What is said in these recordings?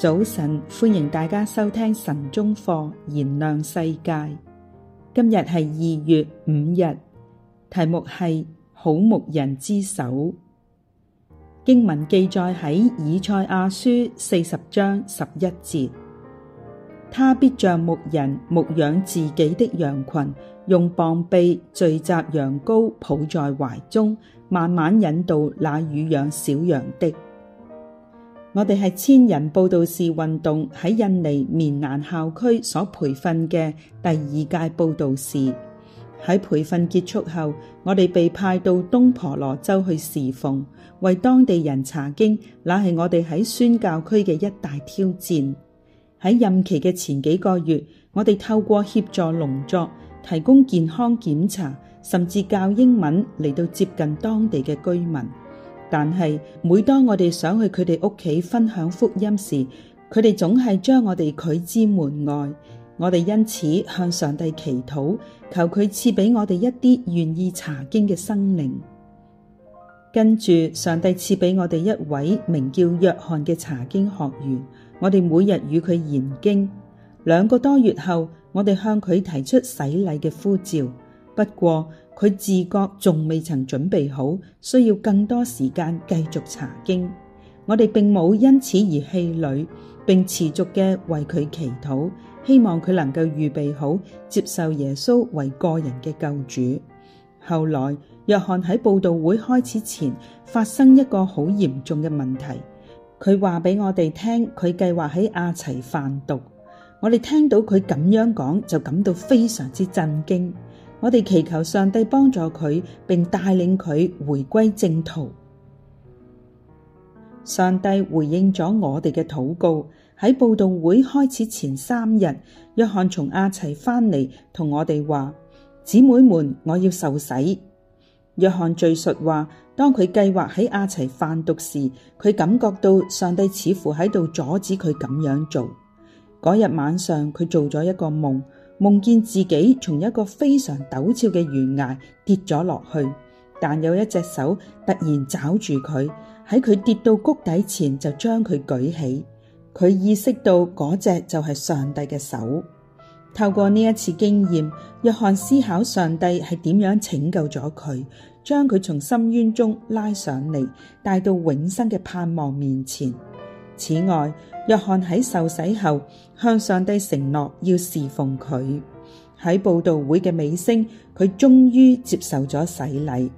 早晨，歡迎大家收聽晨鐘課，燃亮世界。今日係二月五日，題目係好牧人之手。經文記載喺以賽亞書四十章十一節，他必像牧人牧養自己的羊群，用膀臂聚集羊羔，抱在懷中，慢慢引導那乳養小羊的。我哋係千人佈道士運動喺印尼棉蘭校區所培訓嘅第二屆佈道士，喺培訓結束後，我哋被派到東婆羅洲去侍奉，為當地人查經，乃係我哋喺宣教區嘅一大挑戰。喺任期嘅前幾個月，我哋透過協助農作、提供健康檢查，甚至教英文嚟到接近當地嘅居民。但係每當我哋想去佢哋屋企分享福音時，佢哋總係將我哋拒之門外。我哋因此向上帝祈禱，求佢賜俾我哋一啲願意查經嘅生靈。跟住，上帝賜俾我哋一位名叫約翰嘅查經學員，我哋每日與佢研經。兩個多月後，我哋向佢提出洗禮嘅呼召。不過佢自覺仲未曾準備好，需要更多時間繼續查經。我哋並冇因此而氣餒，並持續嘅為佢祈禱，希望佢能夠預備好接受耶穌為個人嘅救主。後來約翰喺佈道會開始前發生一個好嚴重嘅問題，佢話俾我哋聽，佢計劃喺亞齊販毒。我哋聽到佢咁樣講就感到非常之震驚。我哋祈求上帝幫助佢，並帶領佢回歸正途。上帝回應咗我哋嘅禱告。喺佈道會開始前三日，約翰從亞齊返嚟，同我哋話：姊妹們，我要受洗。」約翰敘述話，當佢計劃喺亞齊販毒時，佢感覺到上帝似乎喺度阻止佢咁樣做。嗰日晚上，佢做咗一個夢。夢見自己從一個非常陡峭嘅懸崖跌咗落去，但有一隻手突然抓住佢，喺佢跌到谷底前就將佢舉起。佢意識到嗰隻就係上帝嘅手。透過呢一次經驗，約翰思考上帝係點樣拯救咗佢，將佢從深淵中拉上嚟，帶到永生嘅盼望面前。此外，約翰喺受洗後向上帝承諾要侍奉佢。喺佈道會嘅尾聲，佢終於接受咗洗禮。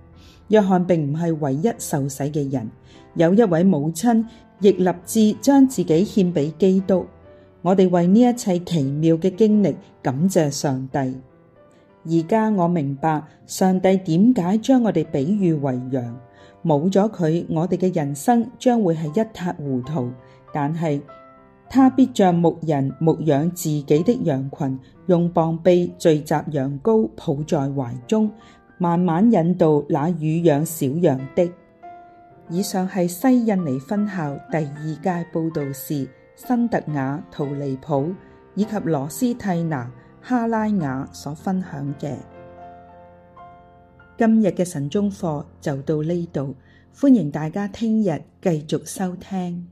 約翰並唔係唯一受洗嘅人，有一位母親亦立志將自己獻俾基督。我哋為呢一切奇妙嘅經歷感謝上帝。而家我明白上帝點解將我哋比喻為羊。冇咗佢，我哋嘅人生將會係一塌糊塗。但係，他必像牧人牧養自己的羊群，用膀臂聚集羊羔，抱在懷中，慢慢引導那乳養小羊的。以上係西印尼分校第二屆佈道士辛特雅、陶利普以及羅斯蒂拿哈拉雅所分享嘅。今日嘅晨鐘課就到呢度，歡迎大家聽日繼續收聽。